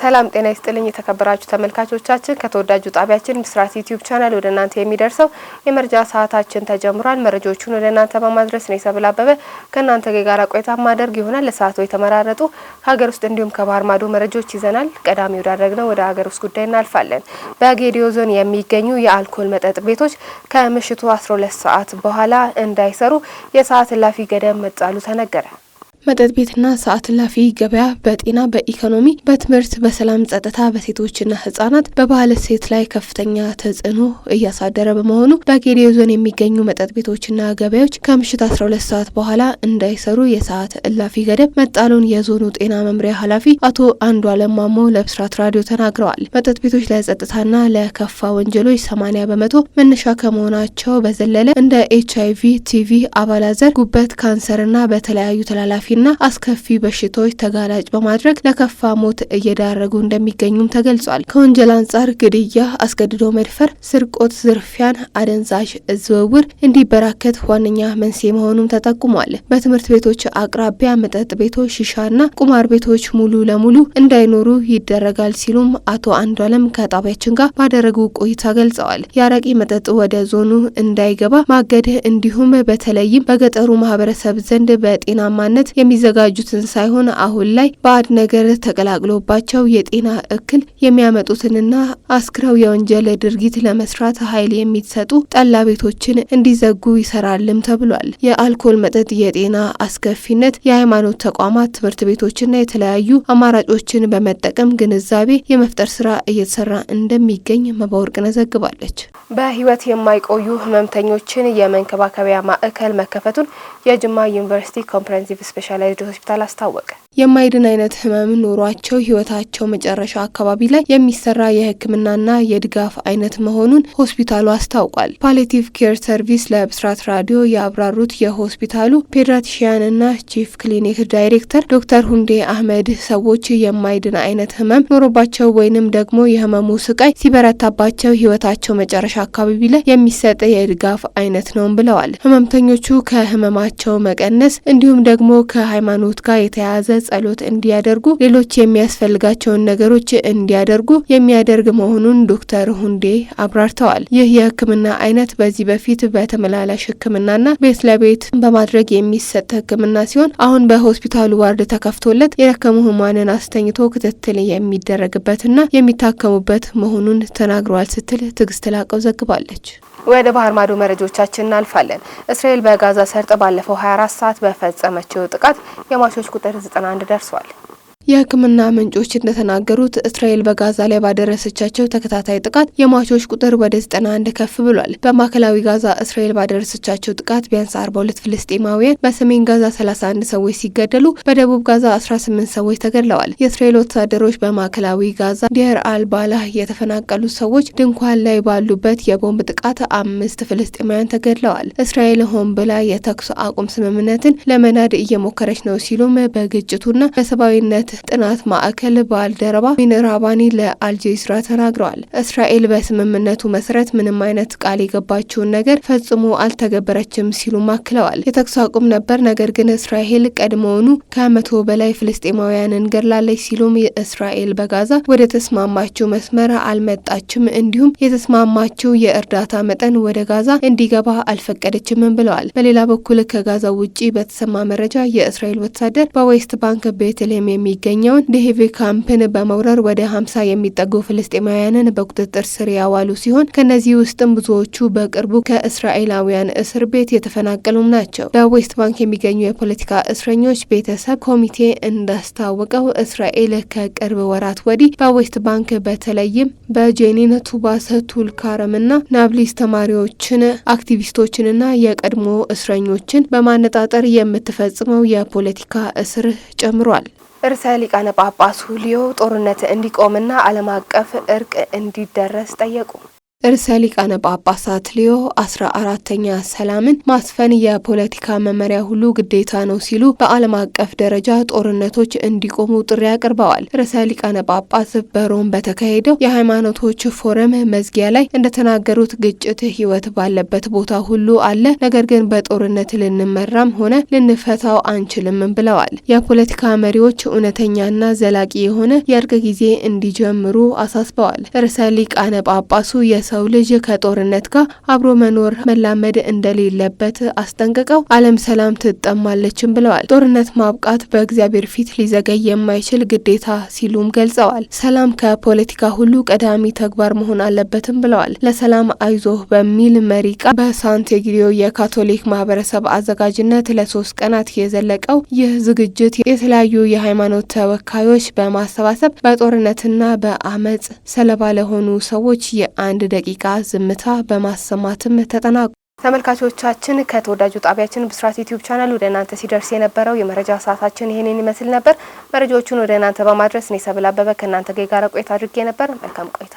ሰላም ጤና ይስጥልኝ የተከበራችሁ ተመልካቾቻችን፣ ከተወዳጁ ጣቢያችን ብስራት ዩቲዩብ ቻናል ወደ እናንተ የሚደርሰው የመረጃ ሰዓታችን ተጀምሯል። መረጃዎቹን ወደ እናንተ በማድረስ ነው የሰብል አበበ ከእናንተ ጋር ቆይታ ማደርግ ይሆናል። ለሰዓቱ የተመራረጡ ከሀገር ውስጥ እንዲሁም ከባህር ማዶ መረጃዎች ይዘናል። ቀዳሚ ወዳደረግ ነው ወደ ሀገር ውስጥ ጉዳይ እናልፋለን። በጌዲዮ ዞን የሚገኙ የአልኮል መጠጥ ቤቶች ከምሽቱ 12 ሰዓት በኋላ እንዳይሰሩ የሰዓት እላፊ ገደብ መጣሉ ተነገረ። መጠጥ ቤትና ሰዓት እላፊ ገበያ በጤና በኢኮኖሚ በትምህርት በሰላም ጸጥታ በሴቶችና ህጻናት በባህል እሴት ላይ ከፍተኛ ተጽዕኖ እያሳደረ በመሆኑ በጌዴኦ ዞን የሚገኙ መጠጥ ቤቶችና ገበያዎች ከምሽት 12 ሰዓት በኋላ እንዳይሰሩ የሰዓት እላፊ ገደብ መጣሉን የዞኑ ጤና መምሪያ ኃላፊ አቶ አንዱ አለም ማሞ ለብስራት ራዲዮ ተናግረዋል። መጠጥ ቤቶች ለጸጥታና ለከፋ ወንጀሎች 80 በመቶ መነሻ ከመሆናቸው በዘለለ እንደ ኤች አይቪ ቲቪ፣ አባላዘር፣ ጉበት ካንሰርና በተለያዩ ተላላፊ ና አስከፊ በሽታዎች ተጋላጭ በማድረግ ለከፋ ሞት እየዳረጉ እንደሚገኙም ተገልጿል። ከወንጀል አንጻር ግድያ፣ አስገድዶ መድፈር፣ ስርቆት፣ ዝርፊያን፣ አደንዛዥ ዝውውር እንዲበራከት ዋነኛ መንስኤ መሆኑም ተጠቁሟል። በትምህርት ቤቶች አቅራቢያ መጠጥ ቤቶች፣ ሺሻና ቁማር ቤቶች ሙሉ ለሙሉ እንዳይኖሩ ይደረጋል ሲሉም አቶ አንዷለም ከጣቢያችን ጋር ባደረጉ ቆይታ ገልጸዋል። የአረቂ መጠጥ ወደ ዞኑ እንዳይገባ ማገድ እንዲሁም በተለይም በገጠሩ ማህበረሰብ ዘንድ በጤናማነት የሚዘጋጁትን ሳይሆን አሁን ላይ ባዕድ ነገር ተቀላቅሎባቸው የጤና እክል የሚያመጡትንና አስክረው የወንጀል ድርጊት ለመስራት ኃይል የሚሰጡ ጠላ ቤቶችን እንዲዘጉ ይሰራልም ተብሏል። የአልኮል መጠጥ የጤና አስከፊነት የሃይማኖት ተቋማት፣ ትምህርት ቤቶችና የተለያዩ አማራጮችን በመጠቀም ግንዛቤ የመፍጠር ስራ እየተሰራ እንደሚገኝ መባወርቅነ ዘግባለች። በህይወት የማይቆዩ ህመምተኞችን የመንከባከቢያ ማዕከል መከፈቱን የጅማ ዩኒቨርሲቲ ኮምፕሬንሲቭ ስፔሻ ስፔሻላይዝድ ሆስፒታል አስታወቀ። የማይድን አይነት ህመም ኖሯቸው ህይወታቸው መጨረሻ አካባቢ ላይ የሚሰራ የህክምናና የድጋፍ አይነት መሆኑን ሆስፒታሉ አስታውቋል። ፓሌቲቭ ኬር ሰርቪስ ለብስራት ራዲዮ ያብራሩት የሆስፒታሉ ፔዲያትሪሽያንና ቺፍ ክሊኒክ ዳይሬክተር ዶክተር ሁንዴ አህመድ ሰዎች የማይድን አይነት ህመም ኖሮባቸው ወይንም ደግሞ የህመሙ ስቃይ ሲበረታባቸው ህይወታቸው መጨረሻ አካባቢ ላይ የሚሰጥ የድጋፍ አይነት ነው ብለዋል። ህመምተኞቹ ከህመማቸው መቀነስ እንዲሁም ደግሞ ከሃይማኖት ጋር የተያያዘ ጸሎት እንዲያደርጉ፣ ሌሎች የሚያስፈልጋቸውን ነገሮች እንዲያደርጉ የሚያደርግ መሆኑን ዶክተር ሁንዴ አብራርተዋል። ይህ የህክምና አይነት በዚህ በፊት በተመላላሽ ና ቤት ለቤት በማድረግ የሚሰጥ ሕክምና ሲሆን አሁን በሆስፒታሉ ዋርድ ተከፍቶለት የረከሙ ህሙማንን አስተኝቶ ክትትል የሚደረግበትና የሚታከሙበት መሆኑን ተናግረዋል ስትል ትግስት ላቀው ዘግባለች። ወደ ባህር ማዶ መረጃዎቻችን እናልፋለን። እስራኤል በጋዛ ሰርጥ ባለፈው 24 ሰዓት በፈጸመችው ጥቃት የሟቾች ቁጥር 91 ደርሷል። የሕክምና ምንጮች እንደተናገሩት እስራኤል በጋዛ ላይ ባደረሰቻቸው ተከታታይ ጥቃት የሟቾች ቁጥር ወደ 91 ከፍ ብሏል። በማዕከላዊ ጋዛ እስራኤል ባደረሰቻቸው ጥቃት ቢያንስ 42 ፍልስጤማውያን፣ በሰሜን ጋዛ 31 ሰዎች ሲገደሉ በደቡብ ጋዛ 18 ሰዎች ተገድለዋል። የእስራኤል ወታደሮች በማዕከላዊ ጋዛ ዴር አል ባላህ የተፈናቀሉ ሰዎች ድንኳን ላይ ባሉበት የቦምብ ጥቃት አምስት ፍልስጤማውያን ተገድለዋል። እስራኤል ሆን ብላ የተኩስ አቁም ስምምነትን ለመናድ እየሞከረች ነው ሲሉም በግጭቱና በሰብአዊነት ጥናት ማዕከል ባልደረባ ሚንራባኒ ለአልጀዚራ ተናግረዋል። እስራኤል በስምምነቱ መሰረት ምንም አይነት ቃል የገባችውን ነገር ፈጽሞ አልተገበረችም ሲሉም አክለዋል። የተኩስ አቁም ነበር፣ ነገር ግን እስራኤል ቀድሞውኑ ከመቶ በላይ ፍልስጤማውያንን ገድላለች ሲሉም እስራኤል በጋዛ ወደ ተስማማችው መስመር አልመጣችም፣ እንዲሁም የተስማማችው የእርዳታ መጠን ወደ ጋዛ እንዲገባ አልፈቀደችም ብለዋል። በሌላ በኩል ከጋዛ ውጪ በተሰማ መረጃ የእስራኤል ወታደር በዌስት ባንክ ቤተልሔም የሚገ የሚገኘውን ዴሄቬ ካምፕን በመውረር ወደ ሀምሳ የሚጠጉ ፍልስጤማውያንን በቁጥጥር ስር ያዋሉ ሲሆን ከእነዚህ ውስጥም ብዙዎቹ በቅርቡ ከእስራኤላውያን እስር ቤት የተፈናቀሉም ናቸው። በዌስት ባንክ የሚገኙ የፖለቲካ እስረኞች ቤተሰብ ኮሚቴ እንዳስታወቀው እስራኤል ከቅርብ ወራት ወዲህ በዌስት ባንክ በተለይም በጄኒን ቱባስ፣ ቱልካረምና ናብሊስ ተማሪዎችን፣ አክቲቪስቶችንና የቀድሞ እስረኞችን በማነጣጠር የምትፈጽመው የፖለቲካ እስር ጨምሯል። ርዕሰ ሊቃነ ጳጳሱ ሊዮ ጦርነት እንዲቆምና ዓለም አቀፍ እርቅ እንዲደረስ ጠየቁ። ርዕሰ ሊቃነ ጳጳሳት ሊዮ አስራ አራተኛ ሰላምን ማስፈን የፖለቲካ መመሪያ ሁሉ ግዴታ ነው ሲሉ በዓለም አቀፍ ደረጃ ጦርነቶች እንዲቆሙ ጥሪ አቅርበዋል። ርዕሰ ሊቃነ ጳጳስ በሮም በተካሄደው የሃይማኖቶች ፎረም መዝጊያ ላይ እንደተናገሩት ግጭት ሕይወት ባለበት ቦታ ሁሉ አለ፣ ነገር ግን በጦርነት ልንመራም ሆነ ልንፈታው አንችልም ብለዋል። የፖለቲካ መሪዎች እውነተኛና ዘላቂ የሆነ የእርቅ ጊዜ እንዲጀምሩ አሳስበዋል። ርዕሰ ሊቃነ ጳጳሱ የሰው ልጅ ከጦርነት ጋር አብሮ መኖር መላመድ እንደሌለበት አስጠንቅቀው ዓለም ሰላም ትጠማለችም ብለዋል። ጦርነት ማብቃት በእግዚአብሔር ፊት ሊዘገይ የማይችል ግዴታ ሲሉም ገልጸዋል። ሰላም ከፖለቲካ ሁሉ ቀዳሚ ተግባር መሆን አለበትም ብለዋል። ለሰላም አይዞህ በሚል መሪ ቃል በሳንቴግሪዮ የካቶሊክ ማህበረሰብ አዘጋጅነት ለሶስት ቀናት የዘለቀው ይህ ዝግጅት የተለያዩ የሃይማኖት ተወካዮች በማሰባሰብ በጦርነትና በአመጽ ሰለባ ለሆኑ ሰዎች የአንድ ደቂቃ ዝምታ በማሰማትም ተጠናቋል። ተመልካቾቻችን ከተወዳጁ ጣቢያችን ብስራት ዩቲዩብ ቻናል ወደ እናንተ ሲደርስ የነበረው የመረጃ ሰዓታችን ይህንን ይመስል ነበር። መረጃዎቹን ወደ እናንተ በማድረስ እኔ ሰብል አበበ ከእናንተ ጋር ቆይታ አድርጌ ነበር። መልካም ቆይታ